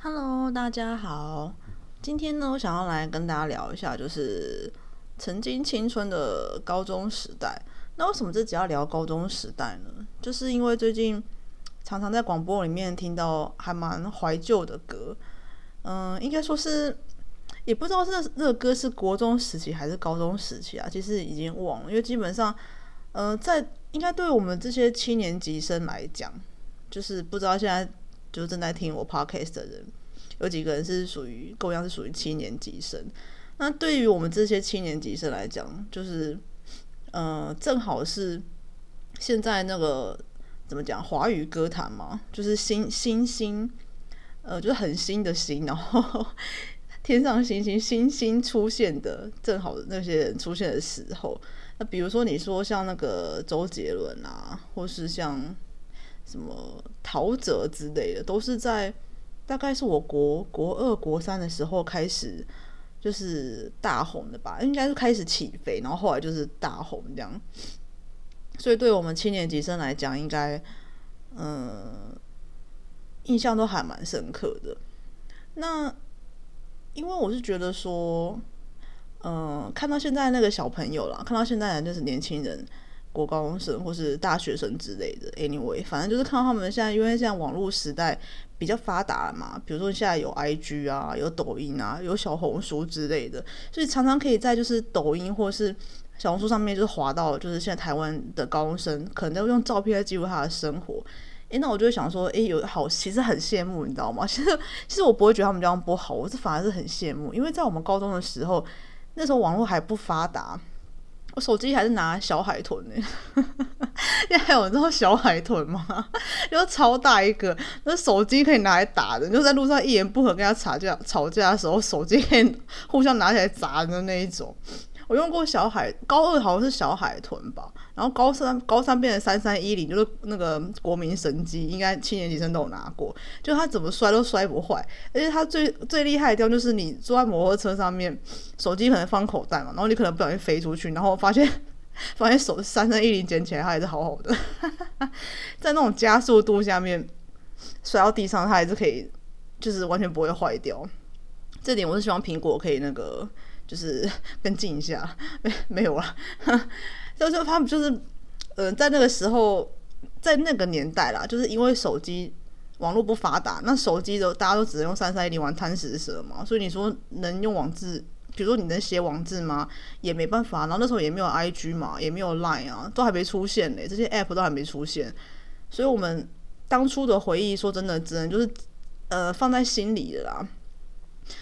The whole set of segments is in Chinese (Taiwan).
Hello，大家好。今天呢，我想要來跟大家聊一下，就是曾經青春的高中時代。那為什麼這集要聊高中時代呢？就是因為最近常常在廣播裡面聽到還蠻懷舊的歌，嗯、呃，應該說是也不知道是這個歌是國中時期還是高中時期啊，其實已經忘了。因為基本上，嗯、呃，在應該對我們這些七年級生來講，就是不知道現在。就是正在聽我 Podcast 的人，有幾個人是屬於，跟我一樣，是屬於七年級生。那對於我們這些七年級生來講，就是，呃，正好是現在那個怎麼講，華語歌壇嘛，就是新新星、星，呃，就是很新的新，然後天上星星星星出現的，正好那些人出現的時候。那比如說你說像那個周杰倫啊，或是像。什麼陶喆之類的，都是在大概是我國國二、國三的時候開始，就是大紅的吧，應該是開始起飛，然後後來就是大紅這樣。所以對我們七年級生來講，應該嗯印象都還蠻深刻的。那因為我是覺得說，嗯、呃，看到現在那個小朋友啦，看到現在的就是年輕人，國高中生或是大學生之類的，anyway，反正就是看到他們現在，因為現在網絡時代比較發達嘛，比如說現在有 IG 啊，有抖音啊，有小紅書之類的，所以常常可以在就是抖音或是小紅書上面，就是滑到就是現在台灣的高中生可能用照片來記錄他的生活。誒、欸，那我就會想說，哎、欸，有好，其實很羨慕，你知道嗎？其實其實我不會覺得他們這樣不好，我是反而是很羨慕，因為在我們高中的時候，那時候網絡還不發達。我手機還是拿小海豚呢，你還有你知道小海豚嗎？然後超大一個，那手機可以拿來打的，就在路上一言不合跟他吵架，吵架的時候，手機可以互相拿起來砸的那一種。我用過小海，高二好像是小海豚吧，然後高三高三變成三三一零，就是那個國民神機，應該七年級生都有拿過。就它怎麼摔都摔不壞，而且它最最厲害的地方就是你坐在摩托車上面，手機可能放口袋嘛，然後你可能不小心飛出去，然後發現發現手三三一零撿起來它還是好好的， 在那種加速度下面摔到地上它還是可以，就是完全不會壞掉。這點我是希望蘋果可以那個。就是跟進一下，沒沒有啊？就是他們就是，嗯、呃，在那個時候，在那個年代啦，就是因為手機網絡不發達，那手機都大家都只能用三三一零玩貪食蛇嘛，所以你說能用網誌，比如說你能寫網誌嗎？也沒辦法。然後那時候也沒有 IG 嘛，也沒有 Line 啊，都還沒出現呢。這些 App 都還沒出現，所以我們當初的回憶，說真的，只能就是呃放在心裡了啦。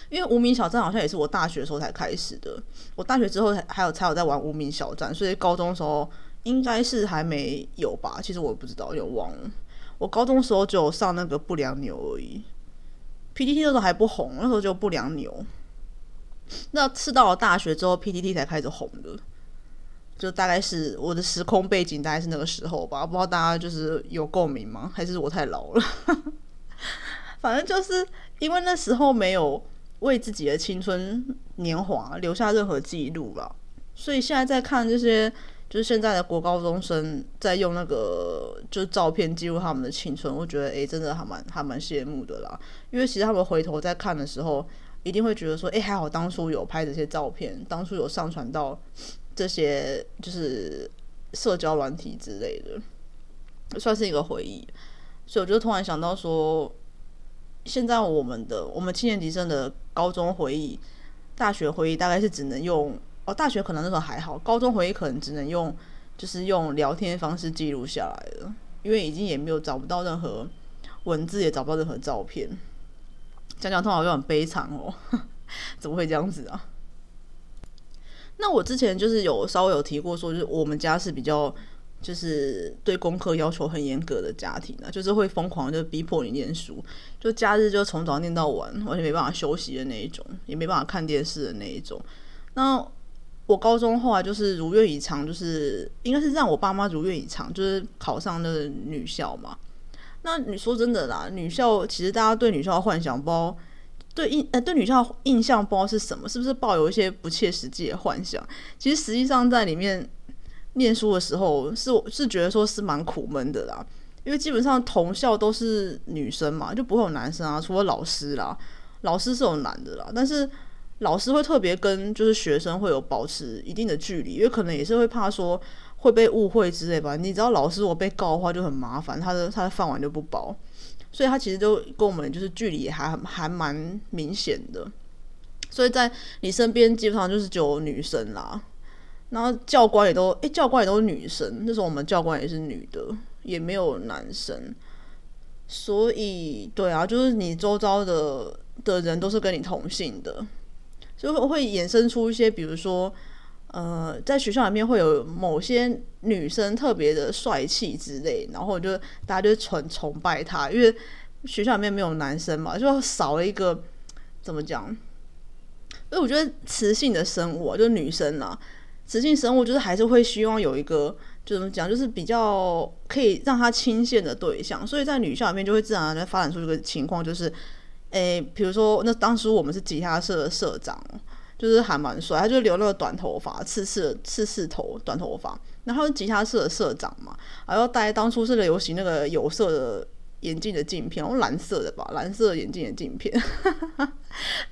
因為無名小站好像也是我大學的時候才開始的，我大學之後還，還有才有在玩無名小站，所以高中的時候應該是還沒有吧。其實我不知道，有忘了。我高中的時候就有上那個不良牛而已，P T T 那時候還不紅，那時候就不良牛。那次到了大學之後，P T T 才開始紅的，就大概是我的時空背景，大概是那個時候吧。不知道大家就是有共鳴嗎？還是我太老了？ 反正就是因為那時候沒有為自己的青春年華留下任何記錄吧。所以現在在看這些，就是現在的國高中生在用那個，就是照片記錄他們的青春，我覺得誒、欸，真的還蠻還蠻羨慕的啦。因為其實他們回頭再看的時候，一定會覺得說，哎、欸，還好當初有拍這些照片，當初有上傳到這些就是社交軟體之類的，算是一個回憶。所以我就突然想到說。現在我們的我們七年級生的高中回憶、大學回憶，大概是只能用哦，大學可能那時候還好，高中回憶可能只能用，就是用聊天方式記錄下來的，因為已經也沒有找不到任何文字，也找不到任何照片。講講，都好像很悲慘哦呵呵，怎麼會這樣子啊？那我之前就是有稍微有提過，說就是我們家是比較。就是對功課要求很嚴格的家庭呢、啊，就是會瘋狂的就逼迫你念書，就假日就從早念到晚，而且沒辦法休息的那一種，也沒辦法看電視的那一種。那我高中後來就是如願以償，就是應該是讓我爸媽如願以償，就是考上那個女校嘛。那你說真的啦，女校其實大家對女校的幻想包，對印呃、欸、對女校的印象包是什麼？是不是抱有一些不切實際的幻想？其實實際上在裡面。念書的時候是我是覺得說是蠻苦悶的啦，因為基本上同校都是女生嘛，就不會有男生啊，除了老師啦，老師是有男的啦，但是老師會特別跟就是學生會有保持一定的距離，因為可能也是會怕說會被誤會之類吧。你知道老師我被告的話就很麻煩，他的他的飯碗就不保，所以他其實就跟我們就是距離還還蠻明顯的，所以在你身邊基本上就是只有女生啦。然後教官也都哎，教官也都是女生。那時候我們教官也是女的，也沒有男生，所以對啊，就是你周遭的的人都是跟你同性的，就會會衍生出一些，比如說呃，在學校裡面會有某些女生特別的帥氣之類，然後就大家就純崇拜她，因為學校裡面沒有男生嘛，就少了一個怎麼講？所以我覺得雌性的生物啊，就女生啊。雌性生物就是還是會希望有一個，就怎麼講，就是比較可以讓他傾陷的對象，所以在女校裡面就會自然而然發展出一個情況，就是，誒、欸，比如說那當時我們是吉他社的社長，就是還蠻帥，他就留那個短頭髮，刺刺刺刺頭，短頭髮，然後吉他社的社長嘛，然後大家當初是流行那個有色的，眼鏡的鏡片，然後藍色的吧，藍色眼鏡的鏡片。哈 哈，哈，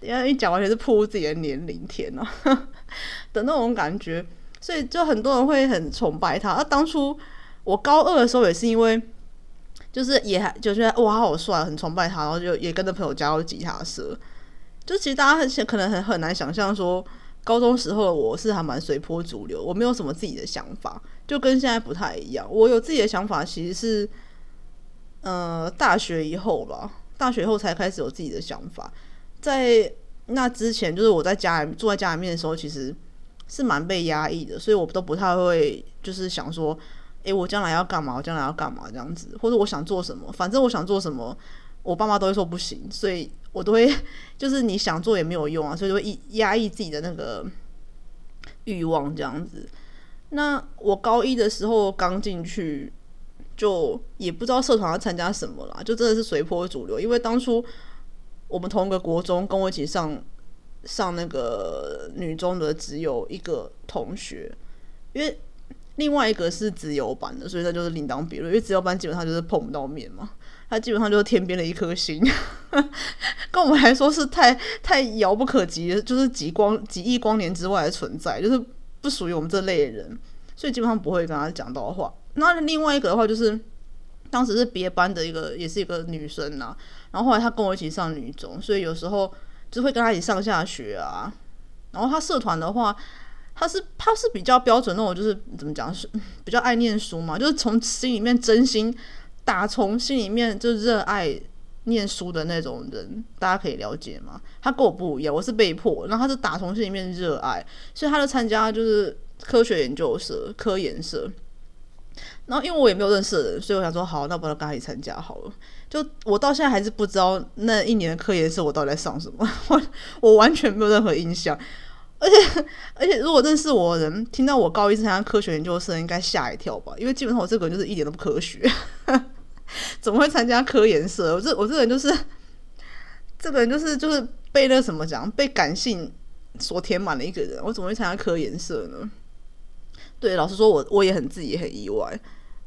人家一講完全是鋪自己的年齡天哈、啊、 的那種感覺，所以就很多人會很崇拜他。啊，當初我高二的時候也是因為，就是也就覺得哇，好帥，很崇拜他，然後就也跟着朋友加入吉他社。就其實大家很可能很很難想象說，高中時候的我是還蠻隨波逐流，我沒有什麼自己的想法，就跟現在不太一樣。我有自己的想法，其實是。呃，大學以後吧，大學以後才開始有自己的想法。在那之前，就是我在家坐在家裡面的時候，其實是蠻被壓抑的，所以我都不太會，就是想說，誒、欸，我將來要幹嘛？我將來要幹嘛？這樣子，或者我想做什麼，反正我想做什麼，我爸媽都會說不行，所以我都會，就是你想做也沒有用啊，所以就會壓抑自己的那個慾望這樣子。那我高一的時候剛進去就也不知道社團要參加什麼啦，就真的是隨波逐流。因為當初我們同一個國中，跟我一起上上那個女中的只有一個同學，因為另外一個是資優班的，所以他就是另當別論。因為資優班基本上就是碰不到面嘛，他基本上就是天邊的一顆星， 跟我們來說是太太遙不可及的，就是幾光幾億光年之外的存在，就是不屬於我們這類人，所以基本上不會跟他講到話。那另外一個的話，就是當時是別班的一個，也是一個女生吶、啊。然後後來她跟我一起上女中，所以有時候就會跟她一起上下學啊。然後她社團的話，她是她是比較標準那種，就是怎麼講，是比較愛念書嘛，就是從心裡面真心打從心裡面就熱愛念書的那種人，大家可以了解嗎？她跟我不一樣，我是被迫，然後她是打從心裡面熱愛，所以她就參加就是科學研究社、科研社。然後因為我也沒有認識的人，所以我想說好，那不來趕緊參加好了。就我到現在還是不知道那一年的科研社我到底在上什麼，我我完全沒有任何印象。而且而且如果認識我的人聽到我高一參加科學研究生，應該嚇一跳吧？因為基本上我這個人就是一點都不科學， 怎麼會參加科研社？我這我這個人就是這個人就是就是被那什麼講被感性所填滿了一個人，我怎麼會參加科研社呢？對，老實說我，我我也很自己也很意外。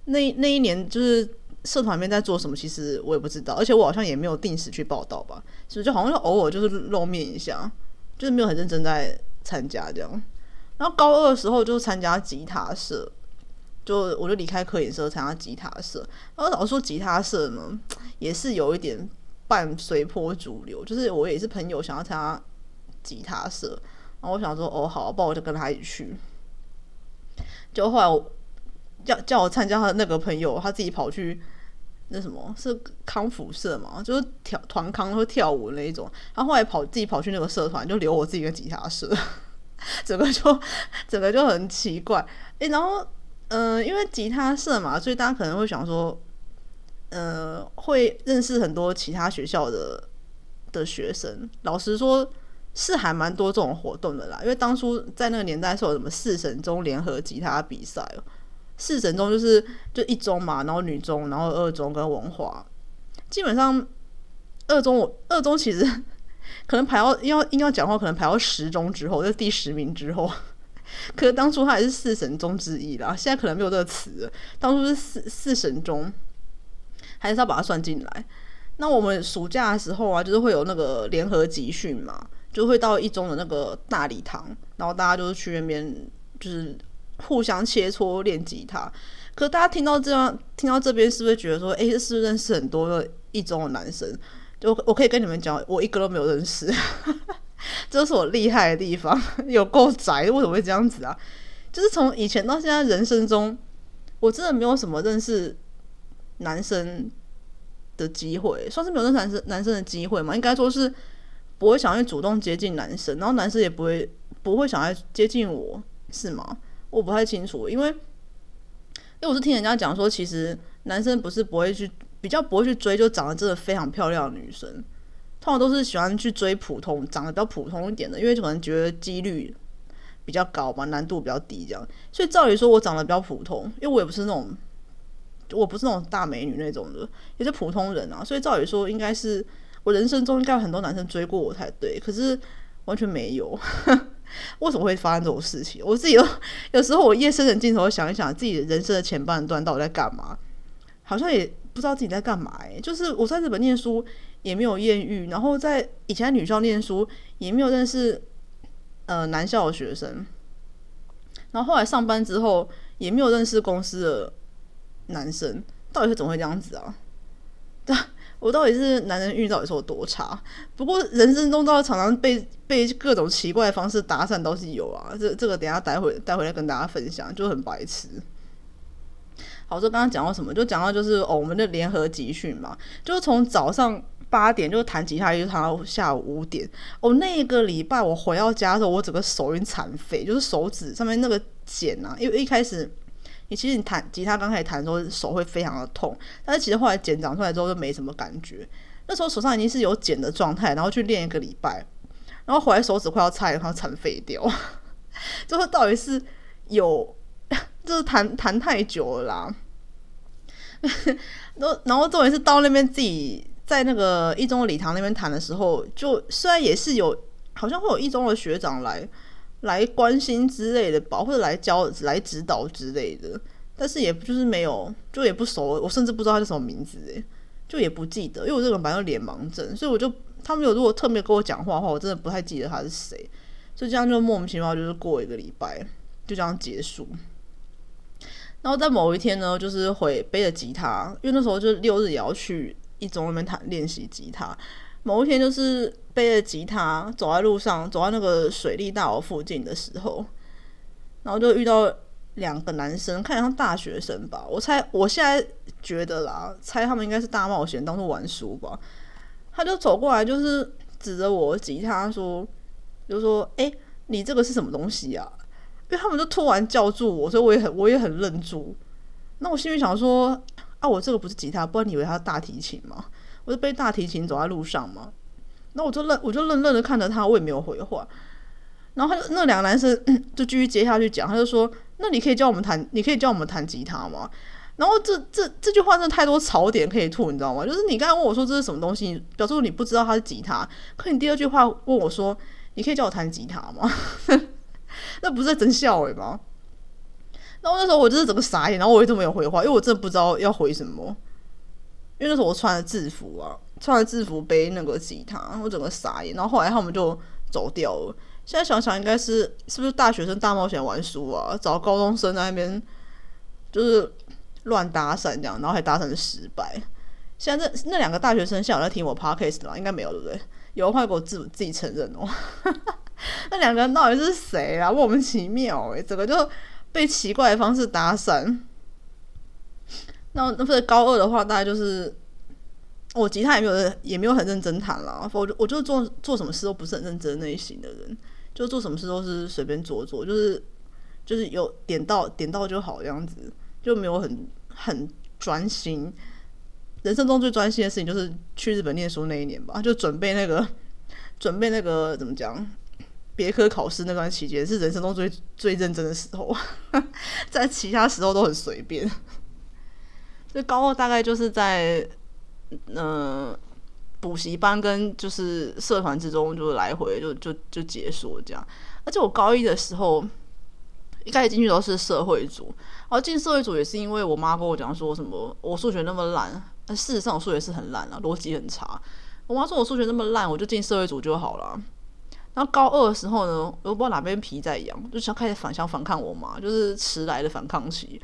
那那一年就是社團裡面在做什麼，其實我也不知道，而且我好像也沒有定時去報到吧，所以就好像就偶爾就是露面一下，就是沒有很認真在參加這樣。然後高二的時候就參加吉他社，就我就離開科研社參加吉他社。然後老實說吉他社呢，也是有一點伴隨波逐流，就是我也是朋友想要參加吉他社，然後我想說哦好，那我就跟他一起去。就後來我，要叫，叫我參加他的那個朋友，他自己跑去那什麼是康輔社嘛，就是跳團康會跳舞那一種。他後來跑自己跑去那個社團，就留我自己的吉他社，整個就整個就很奇怪。誒、欸。然後嗯、呃，因為吉他社嘛，所以大家可能會想說，嗯、呃，會認識很多其他學校的的學生。老實說。是還蠻多這種活動的啦，因為當初在那個年代是有什麼四神中聯合吉他比賽哦。四神中就是就一中嘛，然後女中，然後二中跟文華。基本上二中我二中其實可能排到要應該要講話，可能排到十中之後，就是第十名之後。可是當初它也是四神中之一啦，現在可能沒有這個詞，當初是四四神中還是要把它算進來？那我們暑假的時候啊，就是會有那個聯合集訓嘛。就會到一中的那個大禮堂，然後大家就是去那邊，就是互相切磋練吉他。可是大家聽到這樣，聽到這邊是不是覺得說，誒，這是不是認識很多的一中的男生？就我可以跟你們講，我一個都沒有認識， 這就是我厲害的地方， 有夠宅。為什麼會這樣子啊？就是從以前到現在人生中，我真的沒有什麼認識男生的機會，算是沒有認識男生男生的機會嘛？應該說是。不會想要去主動接近男生，然後男生也不會不會想要接近我，是嗎？我不太清楚，因為，因為我是聽人家講說，其實男生不是不會去比較不會去追就長得真的非常漂亮的女生，通常都是喜歡去追普通長得比較普通一點的，因為可能覺得幾率比較高嘛，難度比較低這樣。所以照理說，我長得比較普通，因為我也不是那種，我不是那種大美女那種的，也是普通人啊。所以照理說，應該是。我人生中應該有很多男生追過我才對，可是完全沒有，為 什麼會發生這種事情？我自己有有時候我夜深人靜的時候想一想，自己人生的前半段到底在幹嘛？好像也不知道自己在幹嘛、欸。就是我在日本念書也沒有豔遇，然後在以前在女校念書也沒有認識呃男校的學生，然後後來上班之後也沒有認識公司的男生，到底是怎麼會這樣子啊？對啊。 我到底是男人運到底是有多差？不過人生中倒常常被被各種奇怪的方式搭訕，倒是有啊。這這個等一下待會待會再跟大家分享，就很白痴。好，就剛剛講到什麼？就講到就是、哦、我們的聯合集訓嘛，就是從早上八點就彈吉他一直，彈到下午五點。哦，那個禮拜我回到家的時候，我整個手已經殘廢，就是手指上面那個繭啊，因為一開始。你其實你彈吉他剛開始彈的時候手會非常的痛，但是其實後來繭長出來之後就沒什麼感覺。那時候手上已經是有繭的狀態，然後去練一個禮拜，然後回來手指快要拆，然後殘廢掉。最 後到底是有，就是彈彈太久了啦。然 後然後重點是到那邊自己在那個一中的禮堂那邊彈的時候，就雖然也是有，好像會有一中的學長來。來關心之類的吧，或者來教、來指導之類的，但是也就是沒有，就也不熟，我甚至不知道他是什麼名字，哎，就也不記得，因為我這個人本來就臉盲症，所以我就他們有如果特別跟我講話的話，我真的不太記得他是誰，就這樣就莫名其妙就是過一個禮拜就這樣結束，然後在某一天呢，就是會背着吉他，因為那時候就是六日也要去一中那邊彈練習吉他。某一天，就是背着吉他走在路上，走在那個水利大樓附近的時候，然後就遇到兩個男生，看起來像大學生吧，我猜，我現在覺得啦，猜他們應該是大冒險，當做玩書吧。他就走過來，就是指着我吉他說，就說：“誒、欸，你這個是什麼東西啊？”因為他們就突然叫住我，所以我也很，我也很愣住。那我心裡想說：“啊，我這個不是吉他，不然你以為他是大提琴嗎？”我是背大提琴走在路上嘛，那我就愣，我就愣愣的看着他，我也沒有回話。然後他就那兩個男生就繼續接下去講，他就說：“那你可以教我們彈，你可以教我們彈吉他嗎？”然後這這這句話，真的太多槽點可以吐，你知道嗎？就是你剛才問我說這是什麼東西，表示你不知道它是吉他，可你第二句話問我說：“你可以教我彈吉他嗎？” 那不是在真笑誒、欸嗎？那我那時候我就是整個傻眼，然後我也就沒有回話，因為我真的不知道要回什麼。因為那時候我穿了制服啊，穿了制服背那個吉他，我整個傻眼。然後後來他們就走掉了。現在想想應，應該是是不是大學生大冒險玩輸啊？找高中生在那邊就是亂搭訕這樣，然後還搭訕失敗。現在這那那兩個大學生現在好像在聽我 podcast 嗎？應該沒有對不對？有話給我自己自己承認哦、喔。 那兩個人到底是誰啊？莫名其妙誒、欸，整個就被奇怪的方式搭訕。那那不是高二的話，大概就是我吉他也沒有，也沒有很認真彈了。我我就是做做什麼事都不是很認真那一型的人，就做什麼事都是隨便做做，就是就是有點到點到就好這樣子，就沒有很很專心。人生中最專心的事情就是去日本念書那一年吧，就準備那個準備那個怎麼講，別科考試那段期間，是人生中最最認真的時候， 在其他時候都很隨便。高二大概就是在嗯，補習班跟就是社團之中就來回就就就結束了這樣。而且我高一的時候一開始進去都是社會組，然後進社會組也是因為我媽跟我講說什麼我數學那麼爛，但事實上我數學是很爛啊，邏輯很差。我媽說我數學那麼爛，我就進社會組就好了。然後高二的時候呢，我不知道哪邊皮在癢，就想開始反向反抗我媽，就是遲來的反抗期。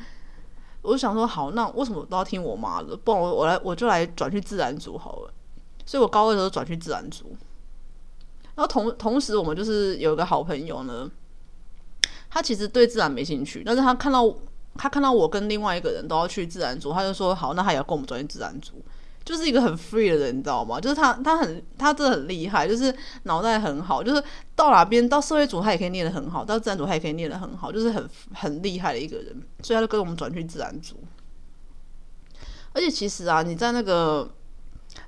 我想說，好，那為什麼都要聽我媽的？不然我我來我就來轉去自然組好了。所以我高二的時候轉去自然組。然後同同時，我們就是有一個好朋友呢，他其實對自然沒興趣，但是他看到他看到我跟另外一個人都要去自然組，他就說好，那他也要跟我們轉去自然組。就是一個很 free 的人，你知道嗎？就是他，他很，他真的很厲害，就是腦袋很好，就是到哪邊，到社會組他也可以念得很好，到自然組他也可以念得很好，就是很很厲害的一個人。所以他就跟我們轉去自然組。而且其實啊，你在那個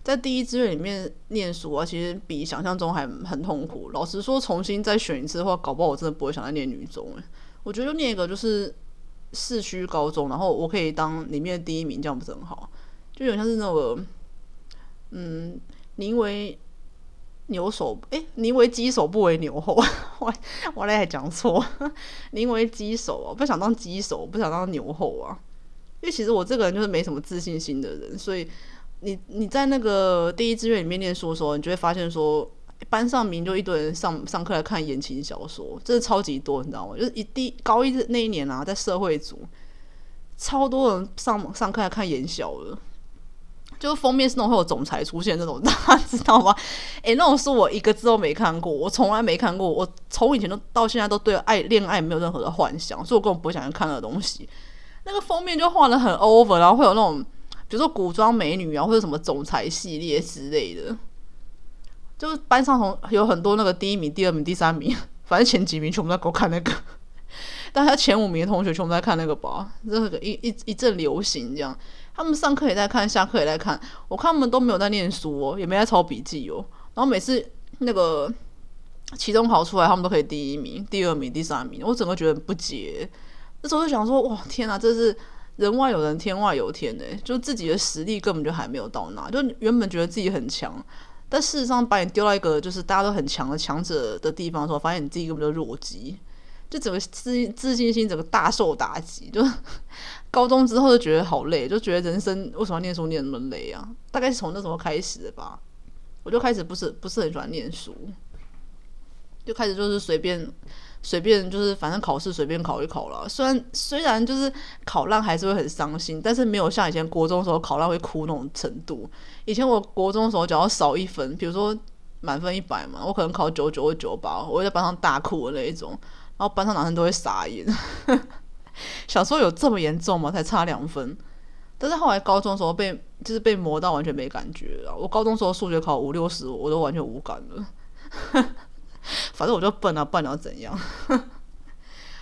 在第一志願裡面念書啊，其實比想象中還很痛苦。老實說，重新再選一次的話，搞不好我真的不會想再念女中欸。我覺得就念一個就是市區高中，然後我可以當裡面第一名，這樣不是很好？就有像是那種，嗯，寧為牛首，誒，寧為雞首不為牛後。我來我來還講錯，寧為雞首啊，不想當雞首，不想當牛後啊。因為其實我這個人就是沒什麼自信心的人，所以你你在那個第一志願裡面念書的時候，你就會發現說，班上名就一堆人上上課來看言情小說，真的超級多，你知道嗎？就是一第高一那一年啊，在社會組，超多人上上課來看言小的。就是封面是那種會有總裁出現那種，大家知道嗎？誒、欸，那種書我一個字都沒看過，我從來沒看過，我從以前都到現在都對愛戀愛沒有任何的幻想，所以我根本不想去看的東西。那個封面就畫得很 over，然後會有那種比如說古裝美女啊，或者什麼總裁系列之類的。就班上同有很多那個第一名、第二名、第三名，反正前幾名全部在給我看那個，但是他前五名的同學全部在看那個吧，那、這個一一一陣流行這樣。他們上課也在看，下課也在看。我看他們都沒有在念書哦，也沒在抄筆記哦。然後每次那個期中考出來，他們都可以第一名、第二名、第三名。我整個覺得不解，那時候就想說：哇，天啊，這是人外有人，天外有天呢！就自己的實力根本就還沒有到那。就原本覺得自己很強，但事實上把你丟到一個就是大家都很強的強者的地方的時候，發現你自己根本就弱雞，就整個自自信心整個大受打擊，就。高中之後就覺得好累，就覺得人生為什麼要念書念那麼累啊？大概是從那時候開始的吧，我就開始不是不是很喜歡念書，就開始就是隨便隨便就是反正考試隨便考一考了。雖然雖然就是考爛還是會很傷心，但是沒有像以前國中的時候考爛會哭那種程度。以前我國中的時候只要少一分，比如說滿分一百嘛，我可能考九十九或九十八，我會在班上大哭的那一種，然後班上男生都會傻眼。 小時候有這麼嚴重嗎？才差兩分，但是後來高中的時候被就是被磨到完全沒感覺啊。我高中的時候數學考五六十，我都完全無感了。 反正我就笨啊，笨到怎樣？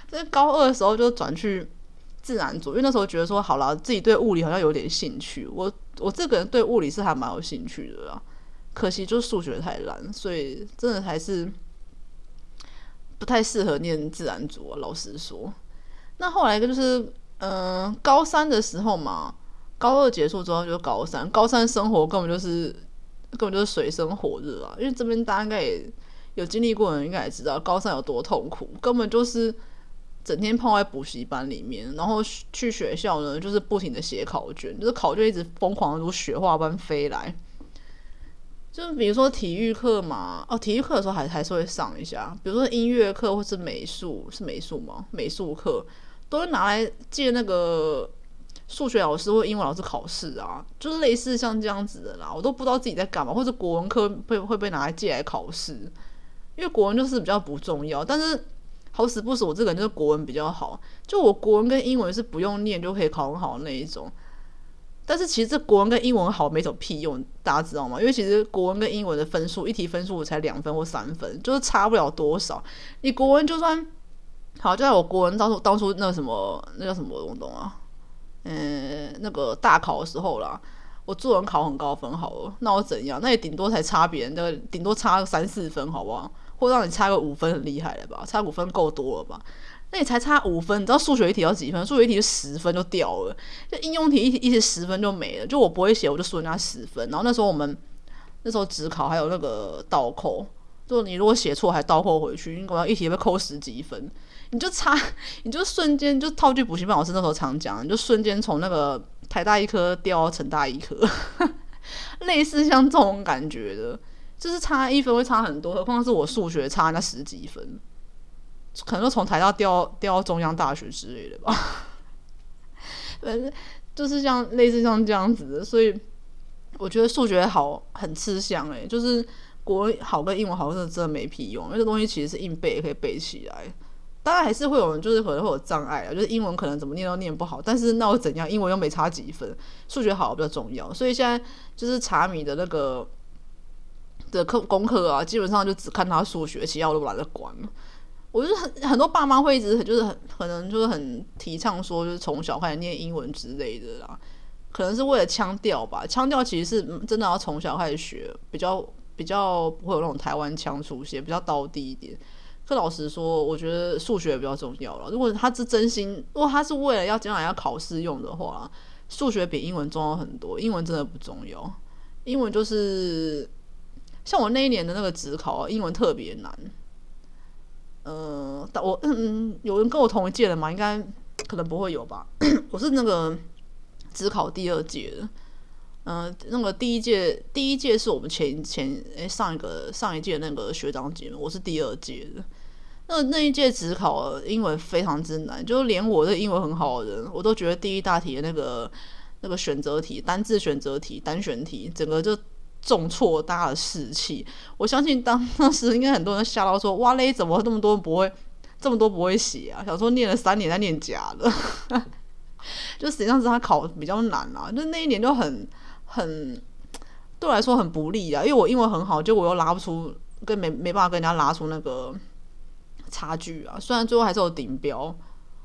在 高二的時候就轉去自然組，因為那時候覺得說好了，自己對物理好像有點興趣。我我這個人對物理是還蠻有興趣的啊，可惜就是數學太爛，所以真的還是不太適合念自然組啊。老實說。那後來一個就是，嗯、呃，高三的時候嘛，高二結束之後就是高三，高三生活根本就是，根本就是水深火熱啊！因為這邊大家應該也有經歷過的人應該也知道，高三有多痛苦，根本就是整天泡在補習班裡面，然後去學校呢就是不停的寫考卷，就是考卷一直瘋狂地如雪花般飛來。就是比如說體育課嘛，哦，體育課的時候還是還是會上一下，比如說音樂課或者是美術，是美術嗎？美術課。都會拿來借那個數學老師或英文老師考試啊，就是類似像這樣子的啦。我都不知道自己在幹嘛，或者國文科會會被拿來借來考試，因為國文就是比較不重要。但是好死不死，我這個人就是國文比較好，就我國文跟英文是不用念就可以考很好的那一種。但是其實這國文跟英文好沒什麼屁用，大家知道嗎？因為其實國文跟英文的分數一題分數才兩分或三分，就是差不了多少。你國文就算。好，就在我國文當初當初那個什麼那叫什麼東東啊，嗯、欸，那個大考的時候啦，我作文考很高分，好了，那我怎樣？那你頂多才差別人的，那個頂多差三四分，好不好？或者讓你差個五分很厲害了吧？差五分夠多了吧？那你才差五分，你知道數學一題要幾分？數學一題十分就掉了，那應用題一題一題十分就沒了。就我不會寫，我就輸人家十分。然後那時候我們那時候指考還有那個倒扣，就你如果寫錯還倒扣回去，你可能一題被扣十幾分。你就差，你就瞬間就套句補習班老師那時候常講，你就瞬間從那個台大一科掉成大一科， 類似像這種感覺的，就是差一分會差很多，何況是我數學差那十幾分，可能就從台大掉掉到中央大學之類的吧。反 正就是像類似像這樣子的，所以我覺得數學好很吃香哎，就是國好跟英文好是真,真的沒屁用，因為這東西其實是硬背也可以背起來。當然還是會有人，就是可能會有障礙啊，就是英文可能怎麼念都念不好。但是那又怎樣？英文又沒差幾分，數學好比較重要。所以現在就是查米的那個的課功課啊，基本上就只看他數學，其他我都懶得管了。我就是很很多爸媽會一直很就是很可能就是很提倡說，就是從小開始念英文之類的啦，可能是為了腔調吧。腔調其實是真的要從小開始學，比較比較不會有那種台灣腔出現，比較道地一點。可老實說，我覺得數學比較重要了。如果他是真心，如果他是為了要將來要考試用的話，數學比英文重要很多。英文真的不重要，英文就是像我那一年的那個指考，英文特別難。呃，我嗯，有人跟我同一屆的嘛，應該可能不會有吧。 我是那個指考第二屆的。嗯、呃，那個第一屆，第一屆是我們前前誒，上一個上一屆的那個學長姐嘛。我是第二屆的。那個、那一屆指考英文非常之難，就連我這英文很好的人，我都覺得第一大題的那個那個選擇題、單字選擇題、單選題，整個就重挫大家的士氣。我相信當當時應該很多人嚇到說：“哇嘞，怎麼這麼多人不會，這麼多不會寫啊？”想說念了三年他念假的， 就實際上是他考比較難啦、啊，就那一年就很。很對我來說很不利啊，因為我英文很好，就我又拉不出，跟沒沒辦法跟人家拉出那個差距啊。雖然最後還是有頂標，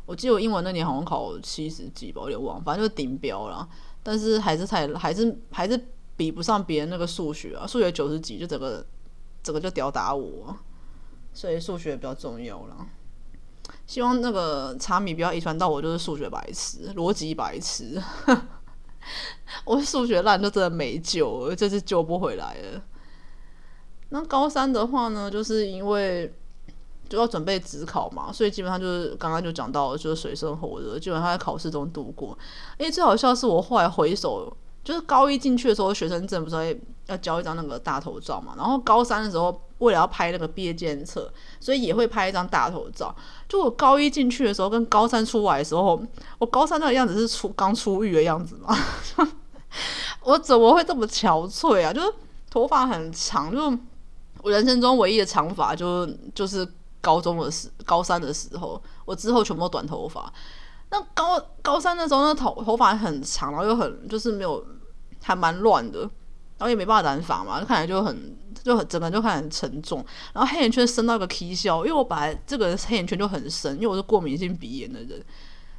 我記得我英文那年好像考七十幾吧，我就忘了，反正就頂標了。但是還是太還是還是比不上別人那個數學啊，數學九十幾就整個整個就吊打我，所以數學比較重要了。希望那個差米不要遺傳到我，就是數學白痴，邏輯白痴。 我數學爛，就真的沒救了，這次救不回來了。那高三的話呢，就是因為就要準備指考嘛，所以基本上就是剛剛就講到，就是水深火熱，基本上在考試中度過。誒、欸，最好笑的是我後來回首。就是高一進去的時候，學生證不是會要交一張那個大頭照嘛？然後高三的時候，為了要拍那個畢業檢測，所以也會拍一張大頭照。就我高一進去的時候，跟高三出來的時候，我高三那個樣子是出剛出獄的樣子嘛？ 我怎麼會這麼憔悴啊？就是頭髮很長，就我人生中唯一的長髮，就就是高中的時高三的時候，我之後全部都短頭髮。那高高三的時候，那頭頭髮很長，然後又很就是沒有。還蠻亂的，然後也沒辦法染髮嘛，看起來就很就很整個就看來很沉重。然後黑眼圈深到一個起笑，因為我本來這個黑眼圈就很深，因為我是過敏性鼻炎的人。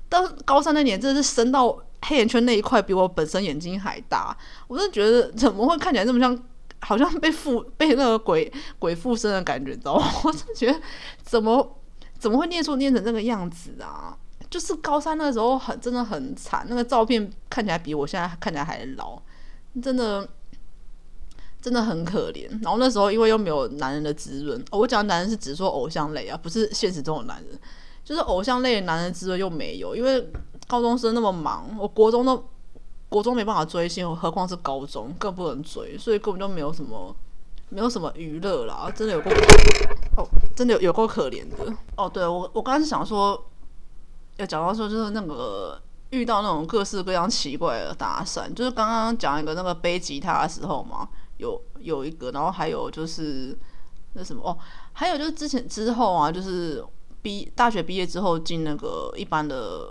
到高三那年，真的是深到黑眼圈那一塊比我本身眼睛還大。我真的覺得怎麼會看起來這麼像，好像被附被那個鬼鬼附身的感覺，你知道嗎？我真的覺得怎麼怎麼會念書念成這個樣子啊？就是高三那時候很真的很慘，那個照片看起來比我現在看起來還老。真的真的很可憐，然後那時候因為又沒有男人的滋潤，哦，我講的男人是指說偶像類啊，不是現實中的男人，就是偶像類的男人滋潤又沒有，因為高中生那麼忙，我國中都國中沒辦法追星，我何況是高中更不能追，所以根本就沒有什麼沒有什麼娛樂啦，真的有夠可憐哦，真的有夠可憐的哦，對，我我剛才想說要講到說就是那個。遇到那種各式各樣奇怪的搭訕，就是剛剛講一個那個背吉他的時候嘛，有有一個，然後還有就是那什麼哦，還有就是之前之後啊，就是畢大學畢業之後進那個一般的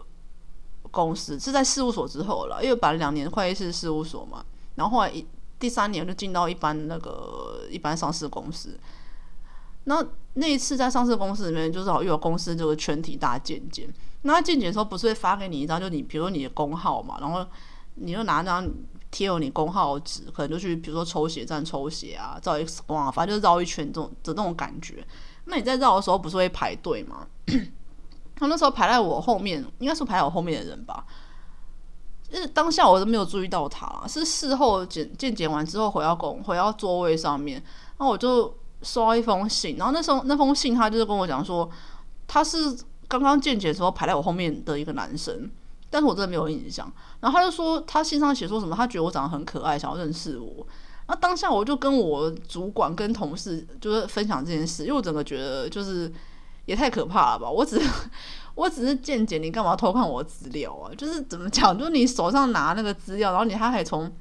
公司，是在事務所之後了，因為擺了兩年會計師事務所嘛，然後後來一第三年就進到一般那個一般上市公司。那那一次在上市公司裡面，就是好像有公司就是全體大家見見。那他健檢的時候不是會發給你一張，就你比如說你的工號嘛，然後你就拿張貼有你工號的紙，可能就去比如說抽血站抽血啊，照 X 光啊，反正就繞一圈這種的那種感覺。那你在繞的時候不是會排隊嗎？ 他那時候排在我後面，應該是排在我後面的人吧。就是當下我都沒有注意到他，是事後檢健檢完之後回到工回到座位上面，然後我就收一封信，然後那時候那封信他就是跟我講說他是。剛剛健檢的時候排在我後面的一個男生，但是我真的沒有印象。然後他就說他信上寫說什麼，他覺得我長得很可愛，想要認識我。那當下我就跟我主管跟同事就是分享這件事，因為我整個覺得就是也太可怕了吧？我只是我只是健檢，你幹嘛偷看我的資料啊？就是怎麼講？就是你手上拿那個資料，然後你還還從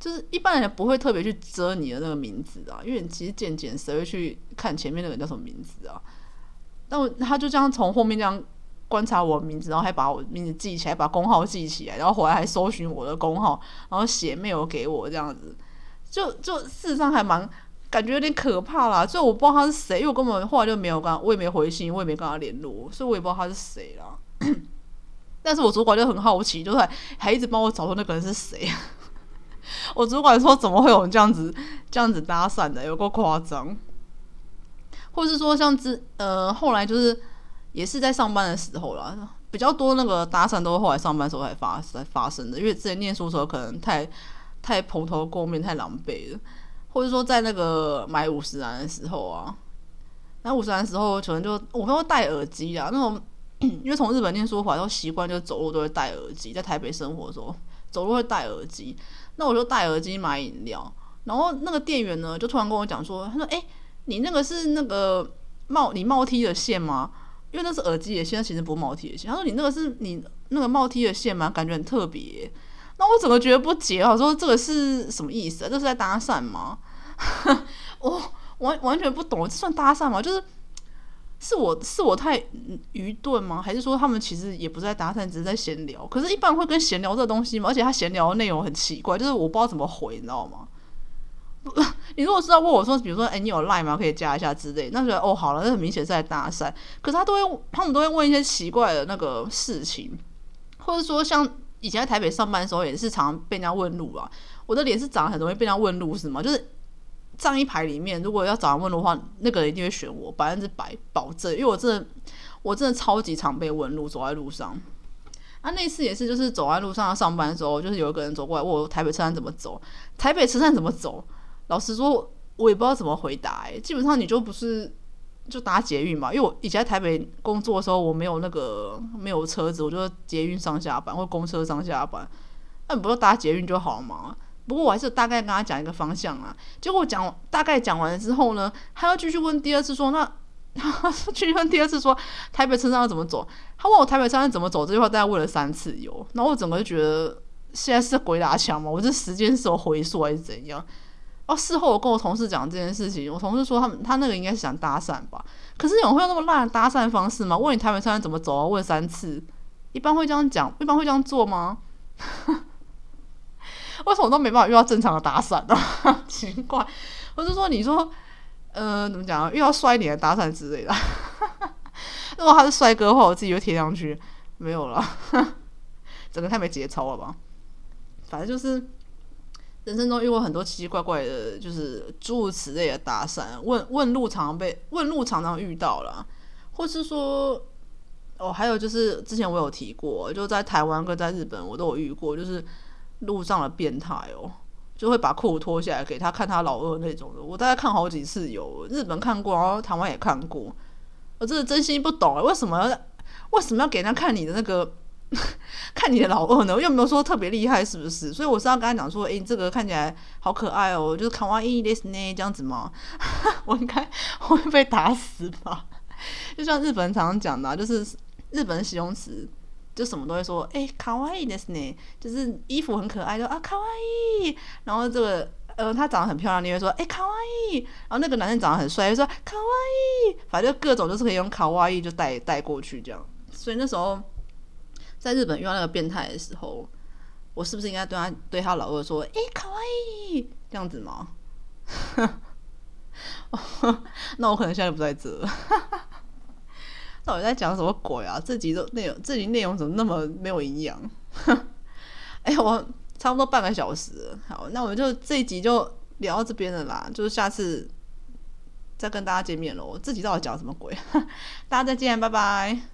就是一般人不會特別去遮你的那個名字啊，因為你其實健檢誰會去看前面那個人叫什麼名字啊？但他就這樣從後面這樣觀察我的名字，然後還把我名字記起來，把工號記起來，然後回來還搜尋我的工號，然後寫沒有給我這樣子，就就事實上還蠻感覺有點可怕啦。所以我不知道他是誰，因為我根本後來就沒有跟他，我也沒回信，我也沒跟他聯絡，所以我也不知道他是誰啦。 但是我主管就很好奇，就是還，還一直幫我找出那個人是誰。 我主管說：“怎麼會有人這樣子這樣子搭訕的？有夠誇張。”或者是說像之呃後來就是也是在上班的時候啦，比較多那個搭訕都是後來上班的時候才發才發生的，因為之前念書的時候可能太太蓬頭垢面太狼狽了，或者說在那個買五十嵐的時候啊，那五十嵐的時候可能就我都會戴耳機啊，那種因為從日本念書回來習慣就走路都會戴耳機，在台北生活的時候走路會戴耳機，那我就戴耳機買飲料，然後那個店員呢就突然跟我講說，他說哎。欸你那個是那個帽你帽 T 的線嗎？因為那是耳機的線，其實不是帽 T 的線。他說你那個是你那個帽 T 的線嗎？感覺很特別。那我怎麼覺得不解啊？說這個是什麼意思啊？這是在搭訕嗎？呵，我完完全不懂，這算搭訕嗎？就是是我是我太愚鈍嗎？還是說他們其實也不是在搭訕，只是在閒聊？可是一般會跟閒聊這個東西嘛，而且他閒聊的內容很奇怪，就是我不知道怎麼回，你知道嗎？ 你如果是要問我說，比如說，誒、欸，你有 line 嗎？可以加一下之類，那就覺得哦，好了，那很明顯是在搭訕。可是他都會，他們都會問一些奇怪的那個事情，或者說像以前在台北上班的時候，也是常常被人家問路啊。我的臉是長得很容易被人家問路，是嗎？就是站一排裡面，如果要找人問路的話，那個人一定會選我，百分之百保證，因為我真的，我真的超級常被問路，走在路上。啊，那次也是，就是走在路上要上班的時候，就是有一個人走過來問我台北車站怎麼走，台北車站怎麼走。老實說，我也不知道怎麼回答欸。基本上你就不是就搭捷運嘛？因為我以前在台北工作的時候，我沒有那個沒有車子，我就是捷運上下班或公車上下班，那你不是搭捷運就好嘛。不過我還是大概跟他講一個方向啊。結果講大概講完之後呢，他要繼續問第二次，說那繼續問第二次說， 二次說台北車站要怎麼走？他問我台北車站怎麼走，這句話大概問了三次有，然後那我整個就覺得現在是鬼打牆嘛？我這時間是有回溯還是怎樣？哦，事後我跟我同事講這件事情，我同事說他們他那個應該是想搭訕吧，可是有會用那麼爛的搭訕方式嗎？問你台北車站怎麼走啊？問三次，一般會這樣講，一般會這樣做嗎？ 為什麼都沒辦法遇到正常的搭訕呢、啊？ 奇怪，我是說，你說，呃，怎麼講啊？遇到帥一點的搭訕之類的， 如果他是帥哥的話，我自己就貼上去，沒有了， 整個太沒節操了吧？反正就是。人生中遇過很多奇奇怪怪的，就是諸如此類的搭訕，問問路常，常被問路常常遇到了，或是說哦，還有就是之前我有提過，就在台灣跟在日本我都有遇過，就是路上的變態哦，就會把褲脫下來給他看他老二那種的，我大概看好幾次有，日本看過，然後台灣也看過，我、哦、真的真心不懂為什麼為什麼要給人家看你的那個？ 看你的老二呢，我又沒有說特別厲害，是不是？所以我是要跟他講說，哎、欸，這個看起來好可愛哦，就是卡哇伊 desu ne 這樣子嘛， 我應該會被打死吧？ 就像日本人常常講的、啊，就是日本形容詞就什麼都會說，誒、欸，卡哇伊 desu ne 就是衣服很可愛就啊，卡哇伊。然後這個嗯、呃，他長得很漂亮的，你會說誒，卡哇伊。然後那個男人長得很帥，就說卡哇伊。反正各種就是可以用卡哇伊就帶帶過去這樣。所以那時候。在日本遇到那個變態的時候，我是不是應該對他、對他老二說：“哎、欸，卡哇伊，這樣子嗎？” 哦、那我可能現在不在這兒。 到底在講什麼鬼啊？這集都內容，這集內容怎麼那麼沒有營養？哎、 欸，我差不多半個小時。好，那我們就這一集就聊到這邊了啦。就是下次再跟大家見面嘍。我自己到底講什麼鬼？ 大家再見，拜拜。